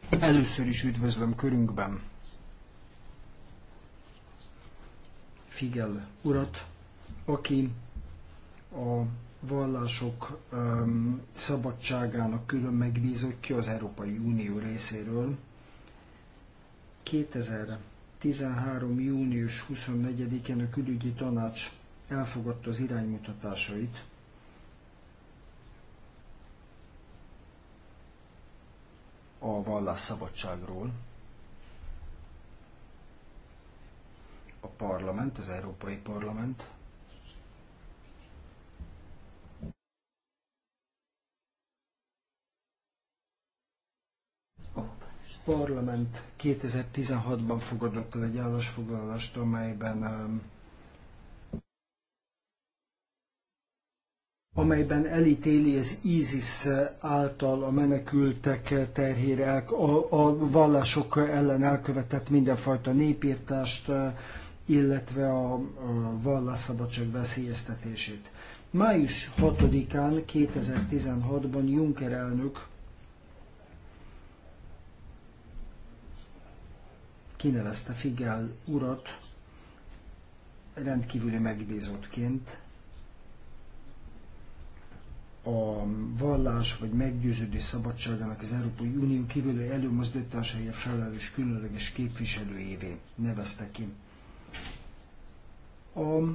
Először is üdvözlöm körünkben Figel urat, aki a vallások um, szabadságának külön megbízottja az Európai Unió részéről. 2013. június 24-én a külügyi tanács elfogadta az iránymutatásait a vallásszabadságról. A parlament, az Európai Parlament a parlament 2016-ban fogadott el egy állásfoglalást, amelyben um, amelyben elítéli az ISIS által a menekültek terhére, a, a vallások ellen elkövetett mindenfajta népírtást, illetve a, a vallásszabadság veszélyeztetését. Május 6-án 2016-ban Juncker elnök kinevezte Figel urat rendkívüli megbízottként a vallás vagy meggyőződés szabadságának az Európai Unió kívüli előmozdításáért felelős különleges képviselőjévé nevezte ki. A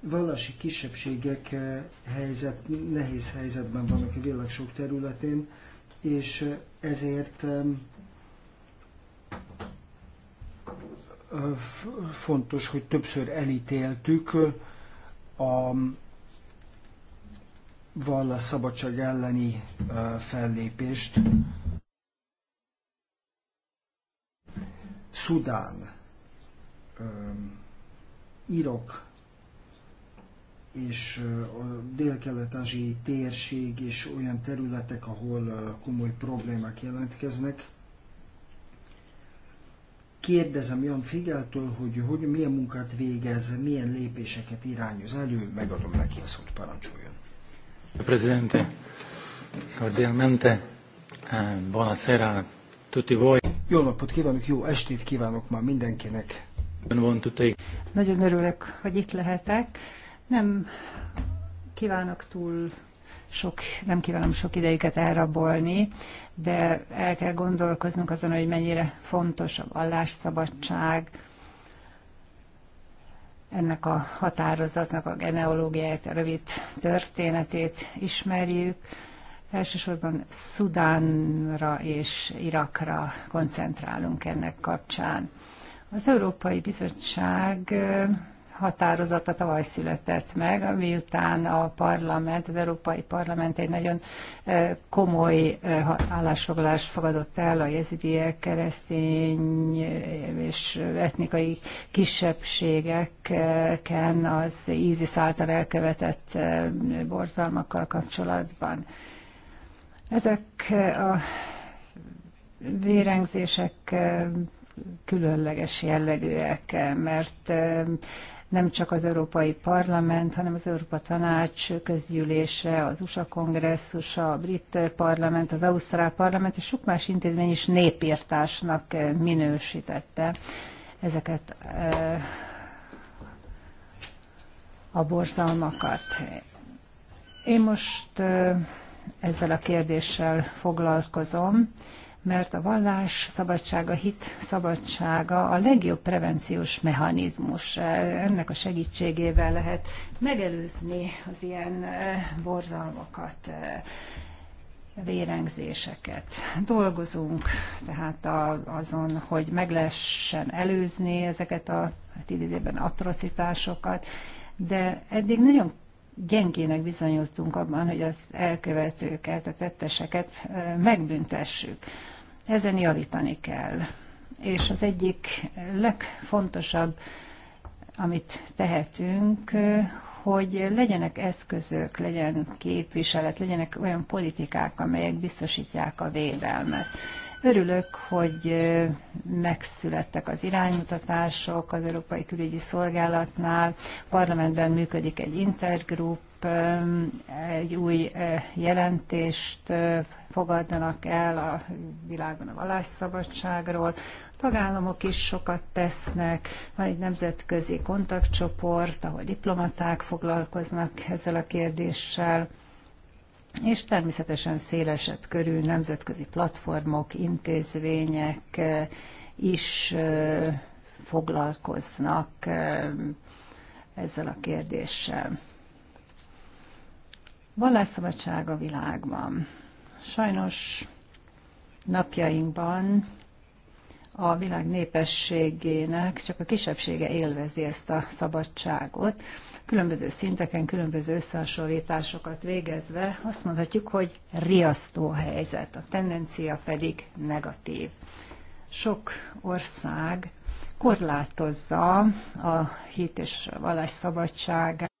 vallási kisebbségek eh, helyzet, nehéz helyzetben vannak a világ sok területén, és eh, ezért eh, fontos, hogy többször elítéltük a vallásszabadság elleni fellépést. Szudán, Irak és a dél-kelet-ázsiai térség és olyan területek, ahol komoly problémák jelentkeznek. Kérdezem Jan Figeltől, hogy, hogy milyen munkát végez, milyen lépéseket irányoz elő, megadom neki a szót, parancsolja. Presidente, cordialmente, eh, buonasera tutti voi. Jó napot kívánok, jó estét kívánok már mindenkinek. Nagyon örülök, hogy itt lehetek. Nem kívánok túl sok, nem kívánom sok idejüket elrabolni, de el kell gondolkoznunk azon, hogy mennyire fontos a vallásszabadság, ennek a határozatnak a genealógiáját, a rövid történetét ismerjük. Elsősorban Szudánra és Irakra koncentrálunk ennek kapcsán. Az Európai Bizottság határozata tavaly született meg, miután a parlament, az Európai Parlament egy nagyon komoly állásfoglalást fogadott el a jezidiek, keresztény és etnikai kisebbségeken az ISIS által elkövetett borzalmakkal kapcsolatban. Ezek a vérengzések különleges jellegűek, mert nem csak az Európai Parlament, hanem az Európa Tanács közgyűlése, az USA kongresszus, a brit parlament, az ausztrál parlament és sok más intézmény is népírtásnak minősítette ezeket eh, a borzalmakat. Én most eh, ezzel a kérdéssel foglalkozom, mert a vallás szabadsága, hit szabadsága a legjobb prevenciós mechanizmus. Ennek a segítségével lehet megelőzni az ilyen eh, borzalmakat eh, vérengzéseket. Dolgozunk tehát a, azon, hogy meg lehessen előzni ezeket a hát idézében atrocitásokat, de eddig nagyon gyengének bizonyultunk abban, hogy az elkövetőket, a tetteseket eh, megbüntessük. Ezen javítani kell. És az egyik legfontosabb, amit tehetünk, hogy legyenek eszközök, legyen képviselet, legyenek olyan politikák, amelyek biztosítják a védelmet. Örülök, hogy megszülettek az iránymutatások az Európai Külügyi Szolgálatnál. Parlamentben működik egy intergroup, egy új jelentést fogadnak el a világon a vallásszabadságról. A tagállamok is sokat tesznek, van egy nemzetközi kontaktcsoport, ahol diplomaták foglalkoznak ezzel a kérdéssel és természetesen szélesebb körű nemzetközi platformok, intézmények eh, is eh, foglalkoznak eh, ezzel a kérdéssel. Vallásszabadság a világban. Sajnos napjainkban a világ népességének csak a kisebbsége élvezi ezt a szabadságot. Különböző szinteken, különböző összehasonlításokat végezve azt mondhatjuk, hogy riasztó a helyzet, a tendencia pedig negatív. Sok ország korlátozza a hit és vallás szabadságát,